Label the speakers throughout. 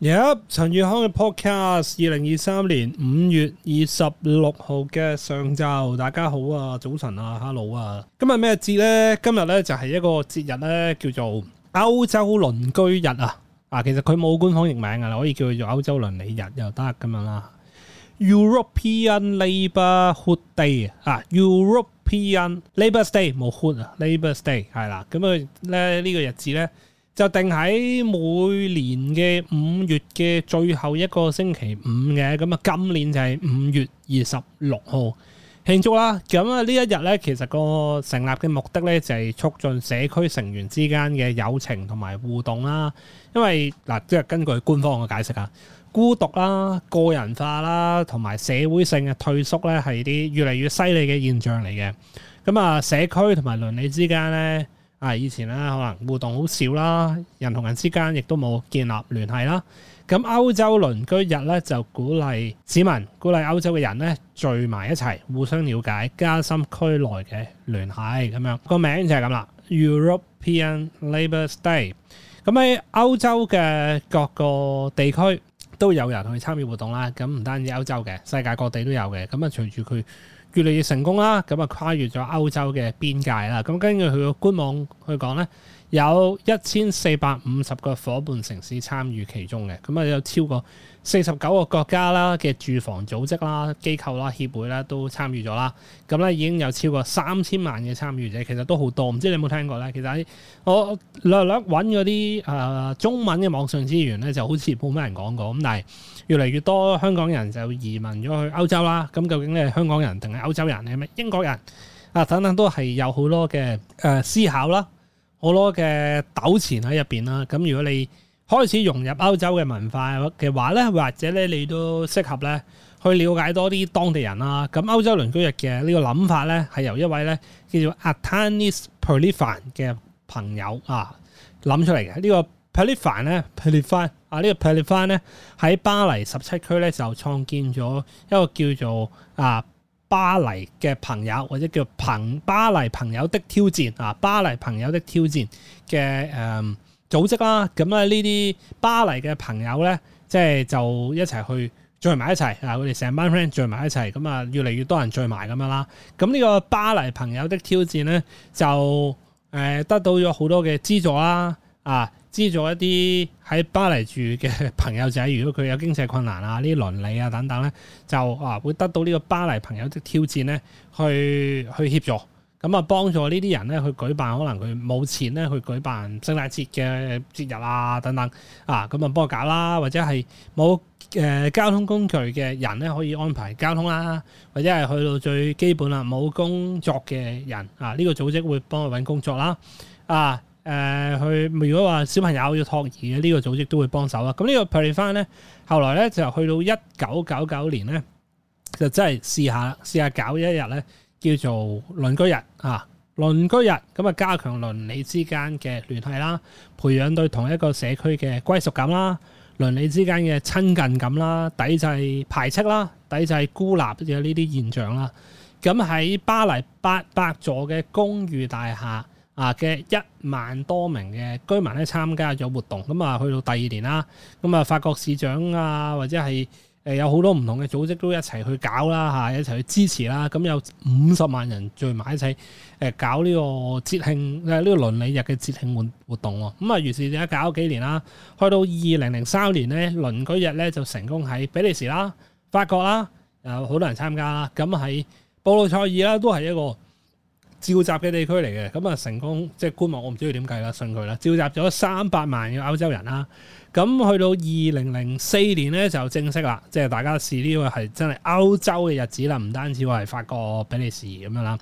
Speaker 1: 而陳月康嘅 podcast，二零二三年五月二十六號嘅上晝，大家好啊，早晨啊，hello 啊，今日咩節呢？今日呢就係一個節日呢，叫做歐洲鄰居日啊。啊，其實佢冇官方譯名噶啦，可以叫佢做歐洲鄰里日又得咁樣啦。European Laborhood Day 啊，European Labor Day 冇 hood 啊 Labor Day 係啦。咁啊咧呢個日子呢。就定喺每年嘅五月嘅最後一個星期五嘅，咁啊，今年就係五月二十六號慶祝啦。咁啊，呢一日呢，其實個成立嘅目的呢，就係促進社區成員之間嘅友情同埋互動啦。因為嗱，即係根據官方嘅解釋啊，孤獨啦、個人化啦，同埋社會性嘅退縮呢，係啲越嚟越犀利嘅現象嚟嘅。咁啊，社區同埋鄰里之間呢。啊！以前咧可能互動好少啦，人同人之間亦都冇建立聯繫啦。咁歐洲鄰居日咧就鼓勵市民、鼓勵歐洲嘅人咧聚埋一齊，互相了解，加深區內嘅聯繫。咁樣個名就係咁啦，European Labour Day。咁喺歐洲嘅各個地區都有人去參與活動啦。咁唔單止歐洲嘅，世界各地都有嘅。咁啊，隨住佢，越嚟越成功啦，咁啊跨越咗歐洲嘅邊界啦，咁根據佢個官網去講咧，有一千四百五十個夥伴城市參與其中嘅，咁啊有超過四十九個國家啦嘅住房組織啦、機構啦、協會啦都參與咗啦，咁咧已經有超過三千萬嘅參與者，其實都好多，唔知你有冇聽過咧？其實我略略揾嗰啲誒中文嘅網上資源咧，就好似冇咩人講過，咁但係越嚟越多香港人就移民咗去歐洲啦，咁究竟呢香港人定係？歐洲人咧，咩英國人啊，等等都係有好多嘅誒思考啦，好多嘅糾纏喺入邊啦。咁如果你開始融入歐洲嘅文化嘅話咧，或者咧你都適合咧去了解多啲當地人啦。咁歐洲鄰居日嘅呢個諗法咧，係由一位咧叫做 a t a n i s Perifan 嘅朋友啊諗出嚟嘅。呢個 p e r i 咧 i f a n 啊，呢、這個 p e r 咧喺巴黎十七區咧就創建咗一個叫做啊。巴黎嘅朋友，或者叫朋巴黎朋友的挑戰啊，巴黎朋友的挑戰嘅誒、嗯、組織啦，咁咧呢啲巴黎嘅朋友咧，即、就、係、是、就一齊去聚埋一齊啊，佢哋成班 friend 聚埋一齊，咁啊越嚟越多人聚埋咁樣啦，咁呢個巴黎朋友的挑戰咧就誒得到咗好多嘅資助啦。啊！資助一啲喺巴黎住嘅朋友仔，如果佢有經濟困難啊、啲倫理啊等等咧，就啊會得到呢個巴黎朋友的挑戰咧，去去協助，咁啊幫助呢啲人咧去舉辦，可能佢冇錢咧去舉辦聖誕節嘅節日啊等等啊，咁啊幫我搞啦，或者係冇誒交通工具嘅人咧可以安排交通啦，或者係去到最基本啦冇工作嘅人啊，呢、呢個組織會幫佢搵工作啦啊！誒去、呃，如果話小朋友要託兒咧，呢、這個組織都會幫手啦。咁呢個排列翻咧，後來咧就去到一九九九年咧，就真係試下試下搞一日咧，叫做鄰居日啊！鄰居日咁啊，就加強鄰里之間嘅聯繫啦，培養對同一個社區嘅歸屬感啦，鄰里之間嘅親近感啦，抵制排斥啦，抵制孤立嘅呢啲現象啦。咁喺巴黎八百座嘅公寓大廈，啊嘅一萬多名嘅居民咧參加咗活動，咁啊去到第二年啦，咁啊法國市長啊或者係有好多唔同嘅組織都一齊去搞啦，一齊去支持啦，咁有五十萬人聚埋一齊搞呢個節慶呢、呢個倫理日嘅節慶活活動喎，咁啊於是點解搞咗幾年啦？去到二零零三年咧，鄰居日咧就成功喺比利時啦、法國啦，有好多人參加啦，咁喺布魯塞爾啦都係一個。召集嘅地區嚟嘅，咁啊成功即係官網我唔知佢點計啦，信佢啦。召集咗三百萬嘅歐洲人啦，咁去到二零零四年呢，就正式啦，即係大家試呢個係真係歐洲嘅日子啦，唔單止話係法國比利時咁樣啦。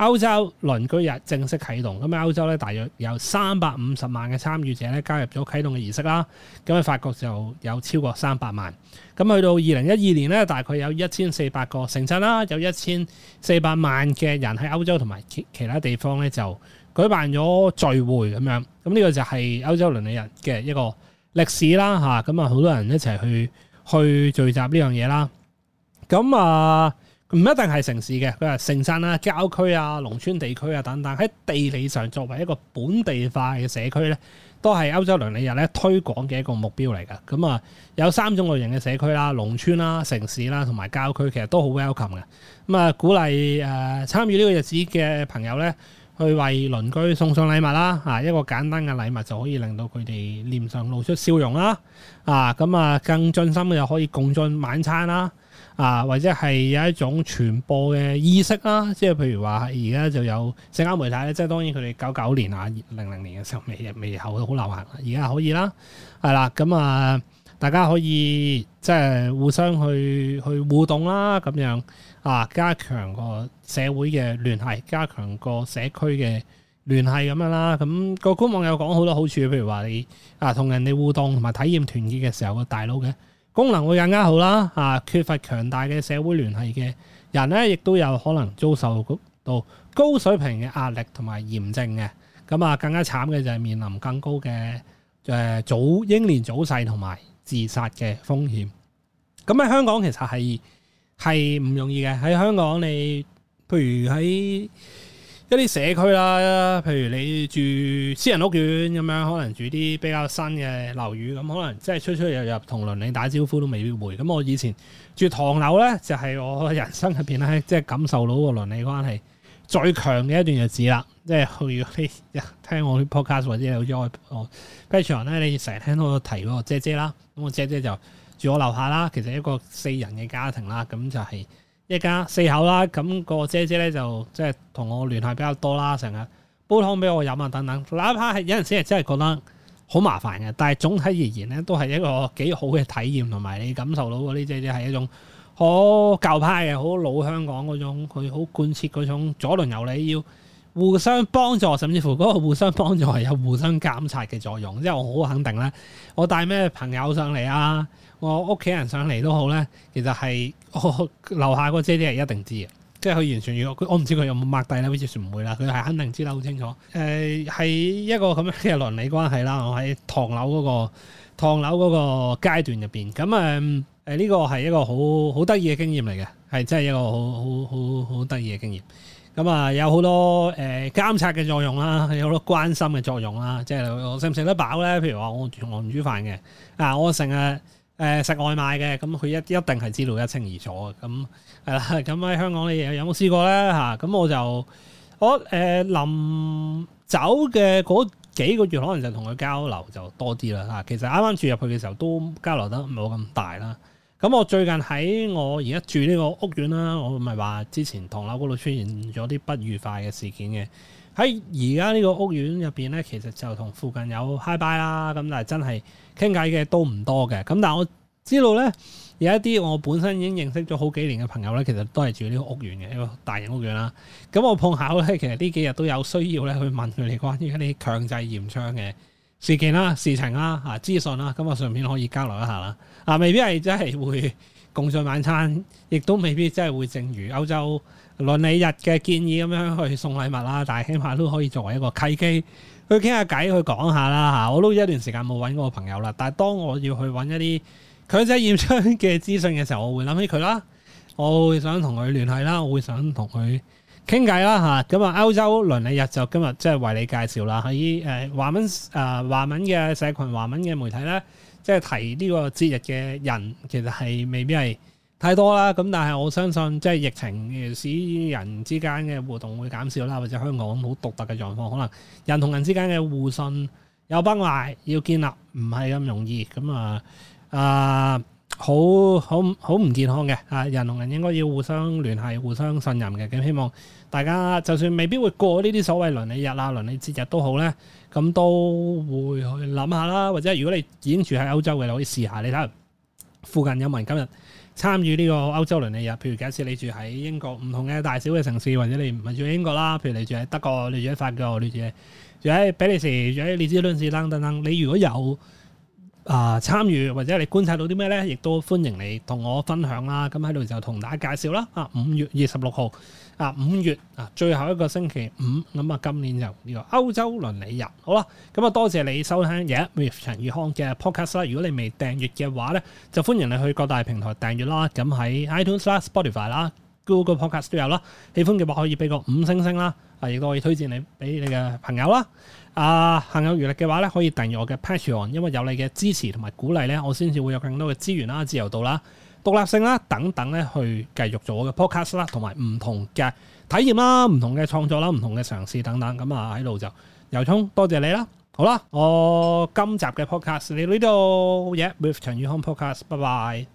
Speaker 1: 歐洲鄰居日正式啟動，咁喺歐洲咧，大約有三百五十萬嘅參與者咧加入咗啟動嘅儀式啦。咁喺法國就有超過三百萬。咁去到二零一二年咧，大概有一千四百個城鎮啦，有一千四百萬嘅人喺歐洲同埋其其他地方咧就舉辦咗聚會咁樣。咁、這、呢個就係歐洲鄰居日嘅一個歷史啦嚇。咁啊，好多人一齊去去聚集呢樣嘢啦。咁啊～唔一定係城市嘅，佢話城鎮啦、郊區啊、農村地區啊等等，喺地理上作為一個本地化嘅社區呢，都係歐洲鄰里日咧推廣嘅一個目標嚟㗎。咁啊，有三種類型嘅社區啦，農村啦、城市啦同埋郊區，其實都好 welcome 嘅。咁啊，鼓勵誒、呃、參與呢個日子嘅朋友呢，去為鄰居送上禮物啦、啊，一個簡單嘅禮物就可以令到佢哋臉上露出笑容啦，啊咁啊，更盡心嘅又可以共進晚餐啦。啊，或者係有一種傳播嘅意識啦，即係譬如話，而家就有社交媒體咧，即係當然佢哋九九年啊、零零年嘅時候未未後都好流行，而家可以啦，係啦，咁啊，大家可以即係互相去去互動啦，咁樣啊，加強個社會嘅聯繫，加強個社區嘅聯繫咁樣啦，咁個官網有講好多好處，譬如話你啊，同人哋互動同埋體驗團結嘅時候個大佬嘅。功能會更加好啦，啊！缺乏強大嘅社會聯繫嘅人咧，亦都有可能遭受到高水平嘅壓力同埋炎症嘅，咁啊更加慘嘅就係面臨更高嘅誒早英年早逝同埋自殺嘅風險。咁喺香港其實係係唔容易嘅，喺香港你譬如喺。一啲社區啦，譬如你住私人屋苑咁樣，可能住啲比較新嘅樓宇，咁可能即係出出入入同鄰里打招呼都未必會。咁我以前住唐樓咧，就係我人生入面咧，即係感受到個鄰里關係最強嘅一段日子啦。即係去要啲聽我啲 podcast 或者有咗我 Patreon 咧，你成日聽到我提嗰個姐姐啦。咁我姐姐就住我樓下啦，其實一個四人嘅家庭啦，咁就係。一家四口啦，咁、那個姐姐咧就即係同我聯繫比較多啦，成日煲湯俾我飲啊等等。哪怕係有陣時係真係覺得好麻煩嘅，但係總體而言咧，都係一個幾好嘅體驗，同埋你感受到嗰啲姐姐係一種好舊派嘅好老香港嗰種，佢好貫徹嗰種左鄰右里要。互相幫助，甚至乎嗰個互相幫助係有互相監察嘅作用。即係我好肯定啦，我帶咩朋友上嚟啊，我屋企人上嚟都好咧。其實係我樓下個姐姐係一定知嘅，即係佢完全要我唔知佢有冇擘低咧，好似唔會啦。佢係肯定知得好清楚。誒、呃，係一個咁樣嘅倫理關係啦。我喺唐樓嗰、嗰個唐樓嗰個階段入邊，咁誒誒呢個係一個好好得意嘅經驗嚟嘅，係真係一個好好好好得意嘅經驗。咁啊，有好多誒監察嘅作用啦，有好多關心嘅作用啦，即係你食唔食得飽咧？譬如話，我唔煮飯嘅啊，我成日誒食外賣嘅，咁佢一一定係知道一清二楚嘅。咁係啦，咁喺、嗯、香港你有冇試過咧？嚇，咁我就我誒臨、呃、走嘅嗰幾個月，可能就同佢交流就多啲啦。嚇，其實啱啱住入去嘅時候都交流得冇咁大啦。咁我最近喺我而家住呢個屋苑啦，我唔係話之前唐樓嗰度出現咗啲不愉快嘅事件嘅。喺而家呢個屋苑入面咧，其實就同附近有 hi bye 啦，咁但係真係傾偈嘅都唔多嘅。咁但係我知道咧，有一啲我本身已經認識咗好幾年嘅朋友咧，其實都係住呢個屋苑嘅一個大型屋苑啦。咁我碰巧咧，其實呢幾日都有需要咧去問佢哋關於一啲強制驗窗嘅事件啦、啊、事情啦、啊、啊資訊啦、啊，今日上面可以交流一下啦。啊，未必係真係會共進晚餐，亦都未必真係會正如歐洲倫理日嘅建議咁樣去送禮物啦、啊。但係，起碼都可以作為一個契機去傾下偈，去講一下啦。嚇，我都一段時間冇揾過朋友啦。但係，當我要去揾一啲強者驗出嘅資訊嘅時候，我會諗起佢啦。我會想同佢聯繫啦，我會想同佢。傾偈啦嚇，咁啊歐洲鄰里日就今日即係為你介紹啦，喺誒華文誒華文嘅社群、華文嘅媒體咧，即係提呢個節日嘅人其實係未必係太多啦。咁但係我相信即係疫情使人之間嘅互動會減少啦，或者香港好獨特嘅狀況，可能人同人之間嘅互信有崩壞，要建立唔係咁容易。咁啊啊！呃好好好唔健康嘅人同人應該要互相聯繫、互相信任嘅。咁希望大家就算未必會過呢啲所謂鄰里日啊、鄰里節日都好咧，咁都會去諗下啦。或者如果你已經住喺歐洲嘅，你可以試下你睇下附近有冇人今日參與呢個歐洲鄰里日？譬如假設你住喺英國，唔同嘅大小嘅城市，或者你唔係住喺英國啦，譬如你住喺德國，你住喺法國，你住喺住喺比利時，住喺列支敦士登等等等，你如果有。啊，參與或者你觀察到啲咩呢？亦都歡迎你同我分享啦。咁喺度就同大家介紹啦。啊，五月二十六號，啊五月啊最後一個星期五，咁啊今年就呢個歐洲倫理日。好啦，咁啊多謝你收聽嘅陳宇康嘅 podcast 啦。如果你未訂閱嘅話呢，就歡迎你去各大平台訂閱啦。咁喺 iTunes 啦、Spotify 啦、Google Podcast 都有啦。喜歡嘅話可以俾個五星星啦，啊亦都可以推薦你俾你嘅朋友啦。啊，行有餘力嘅話咧，可以訂閱我嘅 Patreon，因為有你嘅支持同埋鼓勵咧，我先至會有更多嘅資源啦、自由度啦、獨立性啦等等咧，去繼續做我嘅 podcast 啦，同埋唔同嘅體驗啦、唔同嘅創作啦、唔同嘅嘗試等等。咁啊喺度就由衷多謝你啦。好啦，我今集嘅 Pod Yeah, podcast 嚟到呢度，耶！With 陳宇康 podcast，拜拜。